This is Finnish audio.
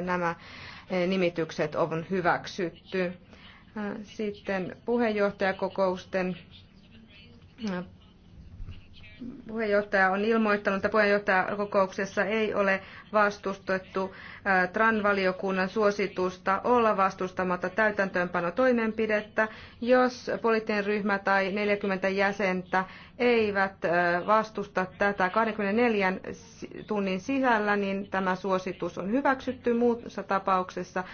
nämä eh, nimitykset on hyväksytty. Sitten puheenjohtajakokousten eh, puheenjohtaja on ilmoittanut, että puheenjohtajakokouksessa ei ole vastustettu TRAN-valiokunnan suositusta olla vastustamatta täytäntöönpanotoimenpidettä, jos poliittinen ryhmä tai 40 jäsentä eivät vastusta tätä 24 tunnin sisällä, niin tämä suositus on hyväksytty. Muussa tapauksessa